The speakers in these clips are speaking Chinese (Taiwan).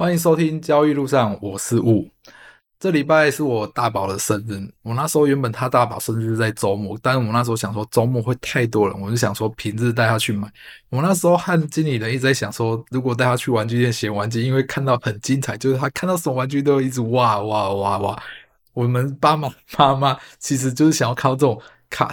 歡迎收聽交易路上，我是霧。這禮拜是我大寶的生日。我那時候原本他大寶生日是在週末，但是我那時候想說週末會太多人，我就想說平日帶他去買。我那時候和經理人一直在想說，如果帶他去玩具店選玩具，因為看到很精彩，就是他看到什麼玩具都會一直哇哇哇哇。我們爸媽媽媽其實就是想要靠這種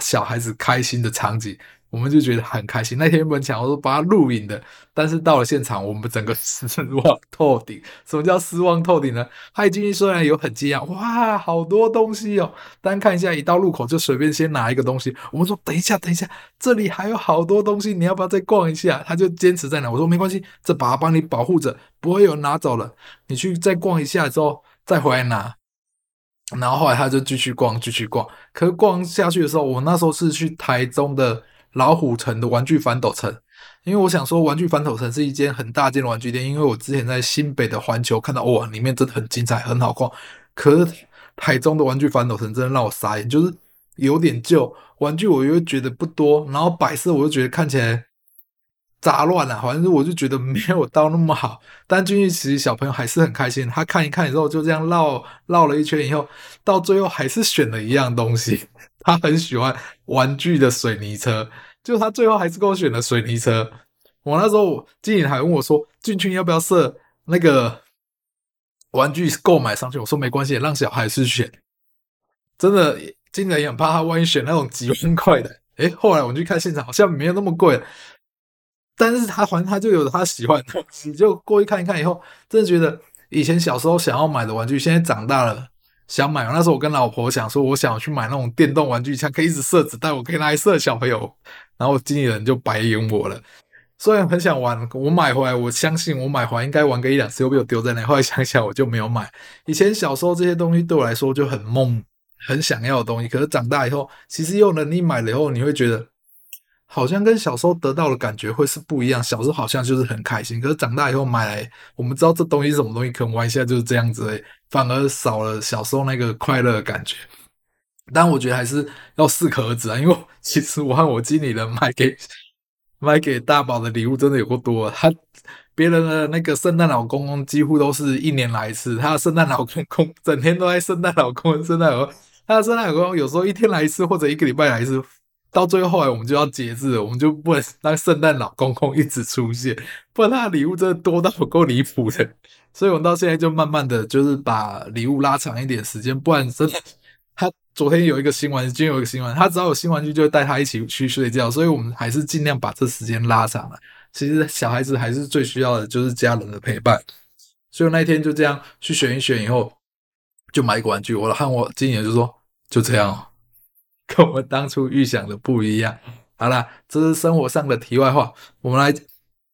小孩子開心的場景。我們就覺得很開心。那天原本講我說把它錄影的，但是到了現場，我們整個失望透頂。什麼叫失望透頂呢？他已經雖然有很驚訝，哇，好多東西哦。單看一下，一到路口就隨便先拿一個東西。我們說等一下，等一下，這裡還有好多東西，你要不要再逛一下？他就堅持在那。我說沒關係，這把它幫你保護着，不會有人拿走了。你去再逛一下之後再回來拿。然後後來他就繼續逛，繼續逛。可是逛下去的時候，我那時候是去台中的，老虎城的玩具反斗城，因為我想說，玩具反斗城是一間很大間的玩具店。因為我之前在新北的環球看到，哇、哦，裡面真的很精彩，很好逛。可是台中的玩具反斗城真的讓我傻眼，就是有點舊，玩具我又覺得不多，然後擺設我又覺得看起來。雜亂了、啊，反正我就覺得沒有到那麼好。但俊俊其實小朋友還是很開心，他看一看以後就這樣繞繞了一圈以後，到最後還是選了一樣東西。他很喜歡玩具的水泥車，就是他最後還是給我選了水泥車。我那時候經理還問我說：“俊俊要不要設那個玩具購買上去？”我說：“沒關係，讓小孩去選。”真的，經理也很怕他萬一選那種幾萬塊的。哎，後來我們去看現場，好像沒有那麼貴。但是他，反正他就有他喜歡的，你就過去看一看以後，真的覺得以前小時候想要買的玩具，現在長大了想買，那時候我跟老婆想說，我想去買那種電動玩具槍，像可以一直射子彈，我可以拿來射小朋友。然後經紀人就白眼我了。雖然很想玩，我買回來，我相信我買回來應該玩個一兩次，又被我丟在那。後來想想，我就沒有買。以前小時候這些東西對我來說就很夢、很想要的東西，可是長大以後，其實有能力你買了以後，你會覺得。好像跟小時候得到的感覺會是不一樣。小時候好像就是很開心，可是長大以後買來，我們知道這東西是什麼東西，可能玩一下就是這樣子嘞、欸，反而少了小時候那個快樂的感覺。但我覺得還是要適可而止啊，因為其實我跟我經理人買給、買給大寶的禮物真的有夠多。他別人的那個聖誕老公公幾乎都是一年來一次，他的聖誕老公公整天都在聖誕老公公、聖誕老公，他的聖誕老公公有時候一天來一次，或者一個禮拜來一次。到最後來，我們就要節制，我們就不能讓聖誕老公公一直出現，不然他的禮物真的多到不夠離譜的。所以我們到現在就慢慢的就是把禮物拉長一點時間，不然真的他昨天有一個新玩具，今天有一個新玩具，他只要有新玩具就會帶他一起去睡覺。所以我們還是儘量把這時間拉長了。其實小孩子還是最需要的就是家人的陪伴，所以我那一天就這樣去選一選，以後就買一個玩具。我老漢我今年就說就這樣。跟我們當初預想的不一樣。好啦，這是生活上的題外話。我們來，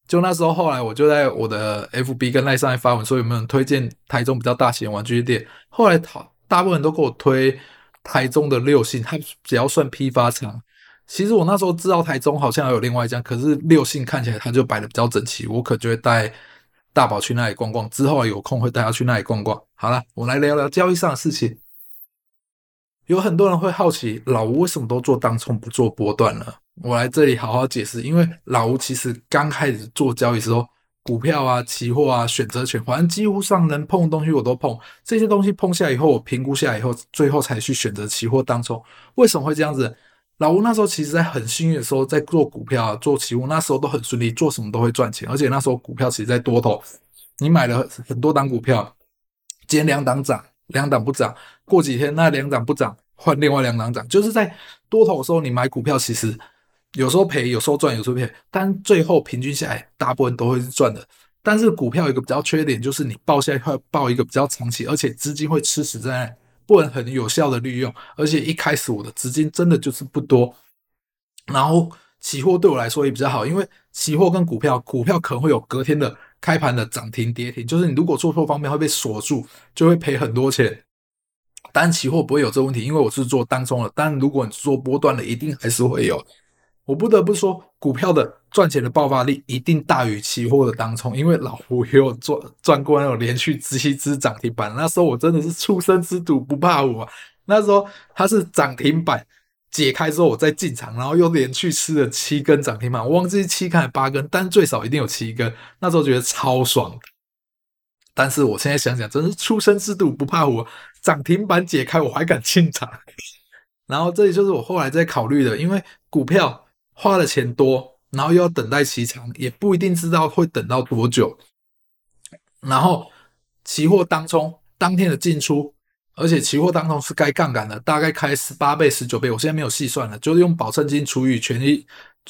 就那時候後來，我就在我的 FB 跟賴上還發文說有沒有人推薦台中比較大型的玩具店。後來他大部分都給我推台中的六興，他只要算批發廠。其實我那時候知道台中好像還有另外一家，可是六興看起來他就擺的比較整齊，我可就會帶大寶去那裡逛逛。之後有空會帶他去那裡逛逛。好啦，我們來聊聊交易上的事情。有很多人會好奇老吳為什麼都做當沖不做波段了？我來這裡好好解釋，因為老吳其實剛開始做交易的時候，股票啊、期貨啊、選擇權，反正幾乎上能碰的東西我都碰。這些東西碰下以後，我評估下以後，最後才去選擇期貨當沖。為什麼會這樣子？老吳那時候其實在很幸運的時候，在做股票啊，做期貨，那時候都很順利，做什麼都會賺錢。而且那時候股票其實在多頭，你買了很多檔股票，減兩檔漲。兩檔不漲，過幾天那兩檔不漲，換另外兩檔漲，就是在多頭的時候你買股票，其實有時候賠有時候，有時候賺，有時候賠，但最後平均下來大部分都會是賺的。但是股票有一個比較缺點就是你報一下會報一個比較長期，而且資金會吃死在不能很有效的利用，而且一開始我的資金真的就是不多，然後期貨對我來說也比較好，因為期貨跟股票，股票可能會有隔天的。開盤的漲停跌停，就是你如果做錯方面，會被鎖住，就會賠很多錢。當然期貨不會有這問題，因為我是做當沖的。但如果你做波段的，一定還是會有。我不得不說，股票的賺錢的爆發力一定大於期貨的當沖，因為老胡也有做賺過那種連續七七支漲停板，那時候我真的是初生之犢，不怕虎，那時候它是漲停板。解開之後，我再進場，然後又連續吃了七根漲停板，我忘記七根還是八根，但最少一定有七根。那時候覺得超爽。但是我現在想想，真是初生之犢不怕虎，漲停板解開我還敢進場。 然後這裡就是我後來在考慮的，因為股票花了錢多，然後又要等待期長，也不一定知道會等到多久。然後期貨當沖，當天的進出。而且期貨當沖是開槓桿的，大概開十八倍，十九倍，我現在沒有細算了，就是用保證金除以權益，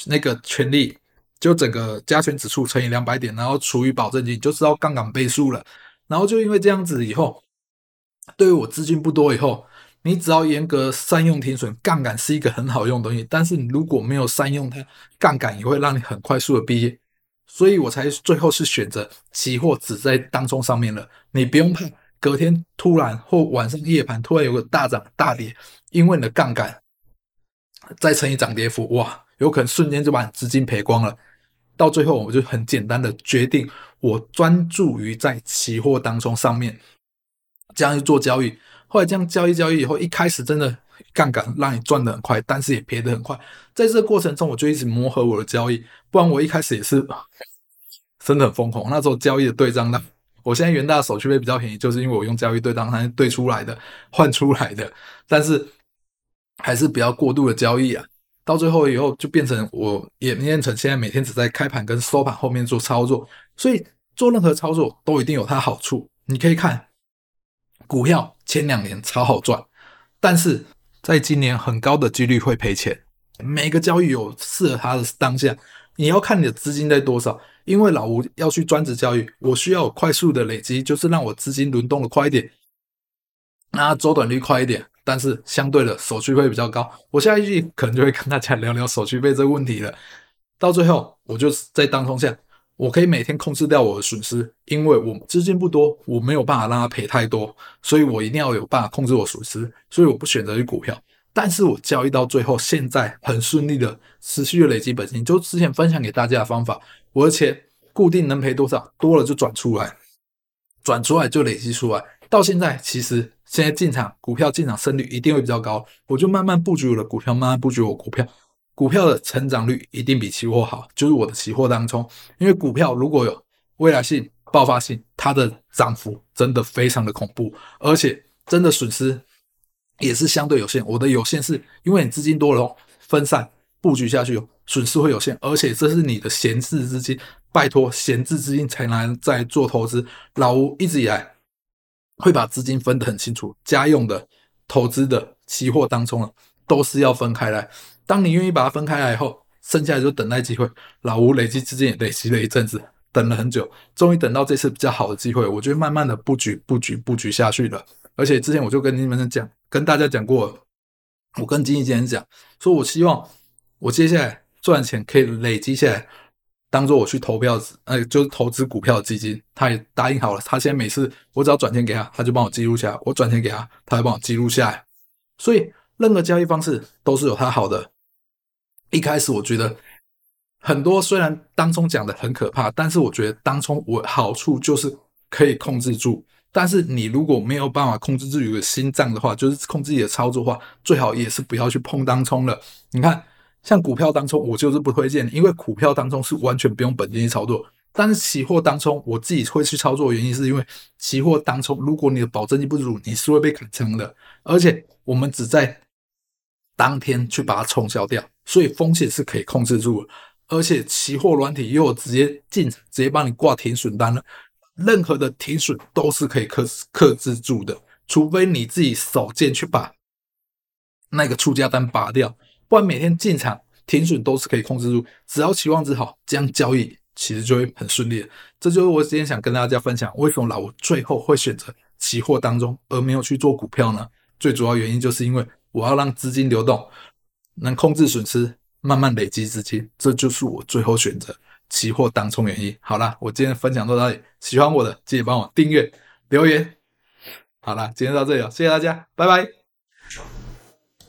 那個權利，就整個加權指數乘以兩百點，然後除以保證金，就知道槓桿倍數了。然後就因為這樣子以後，對於我資金不多以後，你只要嚴格善用停損，槓桿是一個很好用的東西，但是你如果沒有善用它，槓桿也會讓你很快速的畢業。所以我才最後是選擇期貨只在當沖上面了，你不用怕，隔天突然或晚上夜盤突然有個大漲大跌，因為你的槓桿再乘以漲跌幅，哇，有可能瞬間就把你資金賠光了。到最後我就很簡單的決定，我專注於在期貨當沖上面這樣去做交易。後來這樣交易交易以後，一開始真的槓桿讓你賺得很快，但是也賠得很快。在這個過程中，我就一直磨合我的交易，不然我一開始也是真的很瘋狂。那時候交易的對賬呢我現在元大的手續費比較便宜，就是因為我用交易對賬單對出來的換出來的，但是還是不要過度的交易啊，到最後以後就變成我也變成現在每天只在開盤跟收盤後面做操作，所以做任何操作都一定有它好處。你可以看股票前兩年超好賺，但是在今年很高的幾率會賠錢。每個交易有適合它的當下，你要看你的資金在多少。因為老吳要去專職教育，我需要有快速的累積，就是讓我資金輪動的快一點，那周轉率快一點，但是相對的手續費比較高。我下一句可能就會跟大家聊聊手續費這個問題了。到最後，我就在當沖想，我可以每天控制掉我的損失，因為我資金不多，我沒有辦法讓它賠太多，所以我一定要有辦法控制我損失，所以我不選擇去股票。但是我交易到最後，現在很順利的持續的累積本金，就之前分享給大家的方法，而且固定能賠多少，多了就轉出來，轉出來就累積出來。到現在其實，現在進場股票進場勝率一定會比較高，我就慢慢布局我的股票，慢慢布局我股票，股票的成長率一定比期貨好。就是我的期貨當中，因為股票如果有未來性爆發性，它的漲幅真的非常的恐怖，而且真的損失，也是相對有限，我的有限是因為你資金多了哦，分散布局下去哦，損失會有限，而且這是你的閒置資金，拜托閒置資金才能再做投資。老吳一直以來會把資金分得很清楚，家用的、投資的、期貨當沖的都是要分開來。當你願意把它分開來以後，剩下的就等待機會。老吳累積資金也累積了一陣子，等了很久，終於等到這次比較好的機會，我就慢慢的布局、布局、布局、布局下去了。而且之前我就跟你們講。跟大家講過，我跟經紀先生講，說我希望我接下來賺錢可以累積下來，當做我去投票子，呃，就是投資股票基金。他也答應好了，他現在每次我只要轉錢給他，他就幫我記錄下來；我轉錢給他，他就幫我記錄下來。所以任何交易方式都是有它好的。一開始我覺得很多，雖然當中講的很可怕，但是我覺得當中我好處就是可以控制住。但是你如果沒有辦法控制自己的心臟的話，就是控制自己的操作的話，最好也是不要去碰當沖了。你看，像股票當沖，我就是不推薦，因為股票當沖是完全不用本金去操作。但是期貨當沖，我自己會去操作的原因是因為期貨當沖，如果你的保證金不足，你是會被砍倉的。而且我們只在當天去把它沖銷掉，所以風險是可以控制住的。而且期貨軟體又直接進，直接幫你掛停損單了。任何的停損都是可以克克制住的，除非你自己手賤去把那個出價單拔掉。不然每天進場停損都是可以控制住，只要期望值好，這樣交易其實就會很順利。這就是我今天想跟大家分享，為什麼老吳最後會選擇期貨當沖，而沒有去做股票呢？最主要原因就是因為我要讓資金流動，能控制損失，慢慢累積資金，這就是我最後選擇。期貨當沖原因。好啦，我今天的分享就到這裡。喜歡我的，記得幫我訂閱、留言。好啦，今天到這裡了，謝謝大家，拜拜。